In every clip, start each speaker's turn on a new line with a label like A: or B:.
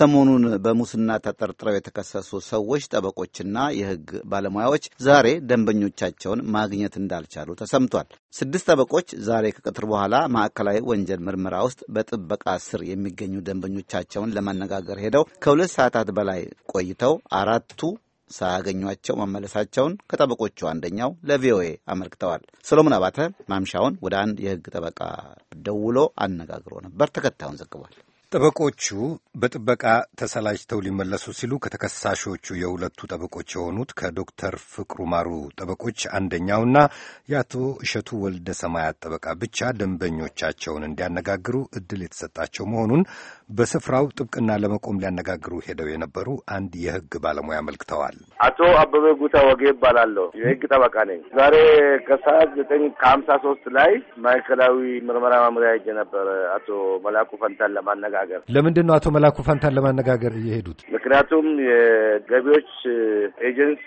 A: ሰሞኑን በሙስና ተጠርጥረው የተከሰሱ ሰዎች ጠበቆችና የሕግ ባለሙያዎች ዛሬ ደንበኞቻቸውን ማግኘት እንዳልቻሉ ተሰምቷል። ስድስት ጠበቆች ዛሬ ከቀትር በኋላ ማዕከላዊ ወንጀል ምርመራ ውስጥ በጥበቃ ስር የሚገኙ ደንበኞቻቸውን ለማነጋገር ሄደው ከሁለት ሰዓታት በላይ ቆይተው አራቱ ሳያገኟቸው መመለሳቸውን ከጠበቆቹ አንደኛው ለቪኦኤ አመልክተዋል። ሰሎሞን አባተ ማምሻውን ወደ አንድ የሕግ ጠበቃ ደውሎ አነጋግሮ ነበር። ተከታዩን ዘግቧል። ጠበቆቹ በጥበቃ ተሰላጅተው ሊመለሱ ሲሉ ከተከሳሾቹ የሁለቱ ጠበቆች የሆኑት ከዶክተር ፍቅሩ ማሩ ጠበቆች አንደኛውና የአቶ እሸቱ ወልደ ሰማያት ጠበቃ ብቻ ደንበኞቻቸውን እንዲያነጋግሩ እድል የተሰጣቸው መሆኑን በስፍራው ጥብቅና ለመቆም ሊያነጋግሩ ሄደው የነበሩ አንድ የሕግ ባለሙያ አመልክተዋል።
B: አቶ አበበ ጉታ ወጌ ይባላለሁ። የሕግ ጠበቃ ነኝ። ዛሬ ከሰዓት ዘጠኝ ከሀምሳ ሶስት ላይ ማዕከላዊ ምርመራ መምሪያ ሄጄ ነበር አቶ መላኩ ፈንታን ለማነጋ ለመነጋገር።
A: ለምንድን ነው አቶ መላኩ ፈንታን ለማነጋገር እየሄዱት?
B: ምክንያቱም የገቢዎች eh, ኤጀንሲ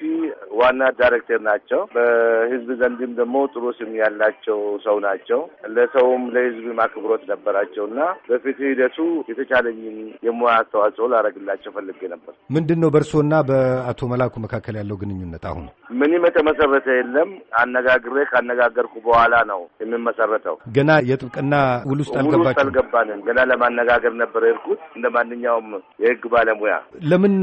B: ዋና ዳይሬክተር ናቸው። በህዝብ ዘንድም ደግሞ ጥሩ ስም ያላቸው ሰው ናቸው። ለሰውም ለህዝብ አክብሮት ነበራቸው እና በፊት ሂደቱ የተቻለኝን የሙያ አስተዋጽኦ ላረግላቸው ፈልጌ ነበር።
A: ምንድን ነው በእርስዎና በአቶ መላኩ መካከል ያለው ግንኙነት? አሁን
B: ምንም የተመሰረተ የለም። አነጋግሬ ካነጋገርኩ በኋላ ነው የምመሰረተው።
A: ገና የጥብቅና ውል ውስጥ አልገባንም።
B: ገና ለማነጋገር ነበር የሄድኩት እንደ ማንኛውም የህግ ባለሙያ።
A: ለምን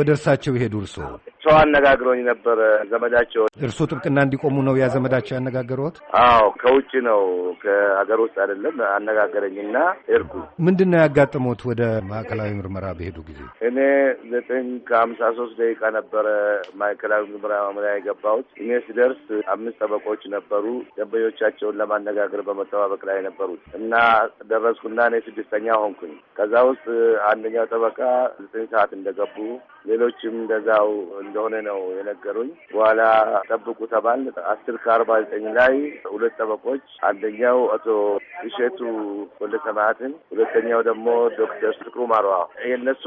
A: ወደ እርሳቸው ይሄዱ እርስዎ?
B: ሰው አነጋግረኝ ነበረ። ዘመዳቸው እርሶ
A: ጥብቅና እንዲቆሙ ነው ያ ዘመዳቸው ያነጋገሩት?
B: አዎ ከውጭ ነው ከሀገር ውስጥ አይደለም። አነጋገረኝና ሄድኩ።
A: ምንድን ነው ያጋጠሙት? ወደ ማዕከላዊ ምርመራ በሄዱ
B: ጊዜ እኔ ዘጠኝ ከሀምሳ ሶስት ደቂቃ ነበረ ማዕከላዊ ምርመራ መምሪያ የገባሁት። እኔ ስደርስ አምስት ጠበቆች ነበሩ። ደንበኞቻቸውን ለማነጋገር በመጠባበቅ ላይ ነበሩት እና ደረስኩና እኔ ስድስተኛ ሆንኩኝ። ከዛ ውስጥ አንደኛው ጠበቃ ዘጠኝ ሰዓት እንደገቡ ሌሎችም እንደዛው እንደሆነ ነው የነገሩኝ። በኋላ ጠብቁ ተባል አስር ከአርባ ዘጠኝ ላይ ሁለት ጠበቆች አንደኛው አቶ እሸቱ ወልደ ሰማያትን፣ ሁለተኛው ደግሞ ዶክተር ፍቅሩ ማሯ የእነሱ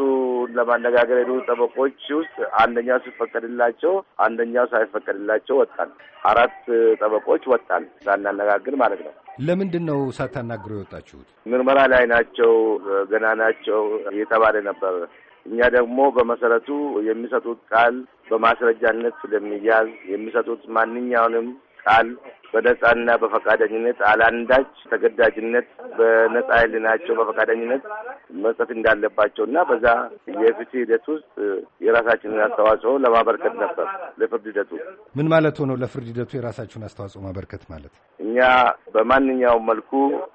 B: ለማነጋገር ሄዱ። ጠበቆች ውስጥ አንደኛው ሲፈቀድላቸው፣ አንደኛው ሳይፈቀድላቸው ወጣል። አራት ጠበቆች ወጣል ሳናነጋግር ማለት ነው።
A: ለምንድን ነው ሳታናግሩ የወጣችሁት?
B: ምርመራ ላይ ናቸው ገና ናቸው እየተባለ ነበር እኛ ደግሞ በመሰረቱ የሚሰጡት ቃል በማስረጃነት ስለሚያዝ የሚሰጡት ማንኛውንም ቃል በነጻና በፈቃደኝነት አላንዳች ተገዳጅነት በነጻ ህሊናቸው በፈቃደኝነት መስጠት እንዳለባቸው እና በዛ የፍትህ ሂደት ውስጥ የራሳችንን አስተዋጽኦ ለማበርከት ነበር። ለፍርድ
A: ሂደቱ ምን ማለት ሆነው? ለፍርድ ሂደቱ የራሳችሁን አስተዋጽኦ ማበርከት ማለት
B: እኛ በማንኛውም መልኩ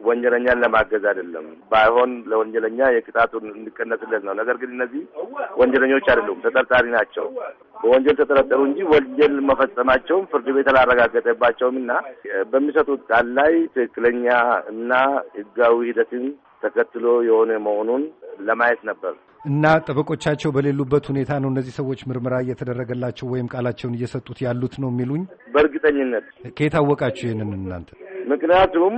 B: ወንጀለኛን ለማገዝ አይደለም። ባይሆን ለወንጀለኛ የቅጣቱን እንዲቀነስለት ነው። ነገር ግን እነዚህ ወንጀለኞች አይደሉም፣ ተጠርጣሪ ናቸው። በወንጀል ተጠረጠሩ እንጂ ወንጀል መፈጸማቸውም ፍርድ ቤት አላረጋገጠባቸውም እና በሚሰጡት ቃል ላይ ትክክለኛ እና ህጋዊ ሂደትን ተከትሎ የሆነ መሆኑን ለማየት ነበር
A: እና ጠበቆቻቸው በሌሉበት ሁኔታ ነው እነዚህ ሰዎች ምርመራ እየተደረገላቸው ወይም ቃላቸውን እየሰጡት ያሉት ነው የሚሉኝ።
B: በእርግጠኝነት
A: ከየታወቃችሁ ይህንን እናንተ?
B: ምክንያቱም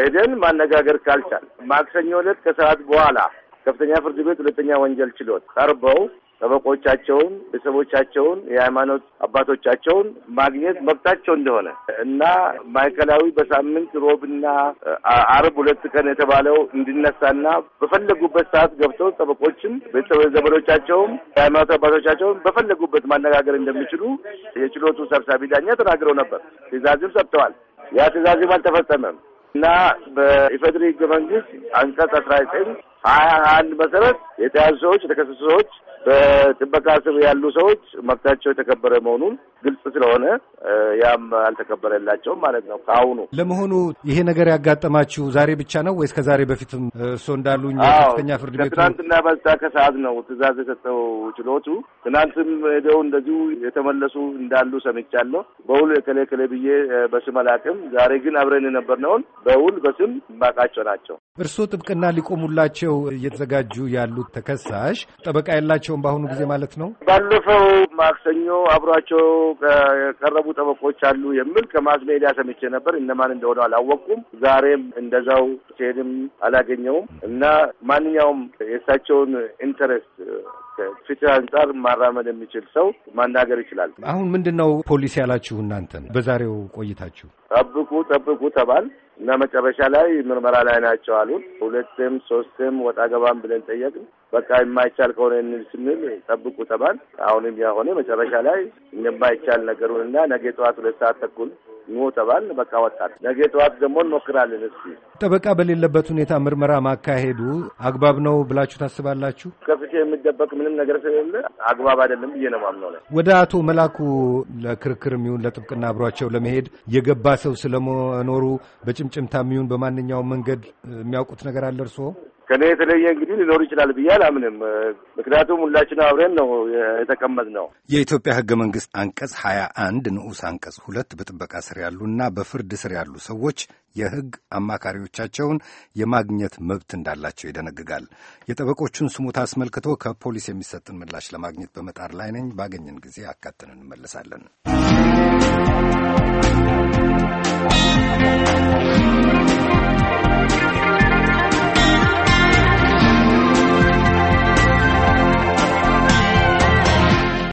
B: ሄደን ማነጋገር ካልቻል ማክሰኞ ዕለት ከሰዓት በኋላ ከፍተኛ ፍርድ ቤት ሁለተኛ ወንጀል ችሎት ቀርበው ጠበቆቻቸውን፣ ቤተሰቦቻቸውን፣ የሃይማኖት አባቶቻቸውን ማግኘት መብታቸው እንደሆነ እና ማዕከላዊ በሳምንት ሮብና አርብ ሁለት ቀን የተባለው እንዲነሳና በፈለጉበት ሰዓት ገብተው ጠበቆችም ቤተሰብ ዘመዶቻቸውም የሃይማኖት አባቶቻቸውን በፈለጉበት ማነጋገር እንደሚችሉ የችሎቱ ሰብሳቢ ዳኛ ተናግረው ነበር። ትእዛዝም ሰጥተዋል። ያ ትእዛዝም አልተፈጸመም እና በኢፌዴሪ ሕገ መንግስት አንቀጽ አስራ ዘጠኝ ሀያ አንድ መሰረት የተያዙ ሰዎች የተከሰሱ ሰዎች በጥበቃ ስር ያሉ ሰዎች መብታቸው የተከበረ መሆኑን ግልጽ ስለሆነ ያም አልተከበረላቸውም ማለት ነው። ከአሁኑ
A: ለመሆኑ ይሄ ነገር ያጋጠማችሁ ዛሬ ብቻ ነው ወይስ ከዛሬ በፊትም እርስዎ እንዳሉኝ ከፍተኛ ፍርድ ቤቱ ከትናንትና
B: በዛ ከሰዓት ነው ትእዛዝ የሰጠው ችሎቱ። ትናንትም ሄደው እንደዚሁ የተመለሱ እንዳሉ ሰምቻለሁ። በውል የከሌ ከሌ ብዬ በስም አላቅም። ዛሬ ግን አብረን የነበርነውን በውል በስም የማውቃቸው ናቸው።
A: እርስዎ ጥብቅና ሊቆሙላቸው እየተዘጋጁ ያሉት ተከሳሽ ጠበቃ የላቸው የላቸውም በአሁኑ ጊዜ ማለት ነው። ባለፈው
B: ማክሰኞ አብሯቸው ከቀረቡ ጠበቆች አሉ የሚል ከማስ ሜዲያ ሰምቼ ነበር። እነማን እንደሆነ አላወቅኩም። ዛሬም እንደዛው ሲሄድም አላገኘውም እና ማንኛውም የእሳቸውን ኢንተረስት ፊት አንጻር ማራመድ የሚችል ሰው ማናገር ይችላል።
A: አሁን ምንድን ነው ፖሊስ ያላችሁ እናንተን በዛሬው ቆይታችሁ?
B: ጠብቁ ጠብቁ ተባል እና መጨረሻ ላይ ምርመራ ላይ ናቸው አሉን። ሁለትም ሶስትም ወጣ ገባም ብለን ጠየቅን። በቃ የማይቻል ከሆነ እንል ስንል ጠብቁ ተባል። አሁንም ያሆነ መጨረሻ ላይ የማይቻል ነገሩን እና ነገ ጠዋት ሁለት ሰዓት ተኩል ኑ ተባል በቃ ወጣል። ነገ ጠዋት ደግሞ እንሞክራለን።
A: እስኪ ጠበቃ በሌለበት ሁኔታ ምርመራ ማካሄዱ አግባብ ነው ብላችሁ ታስባላችሁ?
B: ከፍቼ የሚደበቅ ምንም ነገር ስለሌለ አግባብ አይደለም ብዬ ነው ማምነው።
A: ወደ አቶ መላኩ ለክርክር የሚሆን ለጥብቅና አብሯቸው ለመሄድ የገባ ሰው ስለመኖሩ በጭምጭምታ የሚሆን በማንኛውም መንገድ የሚያውቁት ነገር አለ እርስዎ?
B: ከኔ የተለየ እንግዲህ ሊኖር ይችላል ብዬ አላምንም። ምክንያቱም ሁላችን አብረን ነው የተቀመጥ ነው
A: የኢትዮጵያ ህገ መንግስት አንቀጽ ሀያ አንድ ንዑስ አንቀጽ ሁለት በጥበቃ ስር ያሉና በፍርድ ስር ያሉ ሰዎች የህግ አማካሪዎቻቸውን የማግኘት መብት እንዳላቸው ይደነግጋል። የጠበቆቹን ስሙት አስመልክቶ ከፖሊስ የሚሰጥን ምላሽ ለማግኘት በመጣር ላይ ነኝ። ባገኘን ጊዜ አካተን እንመለሳለን።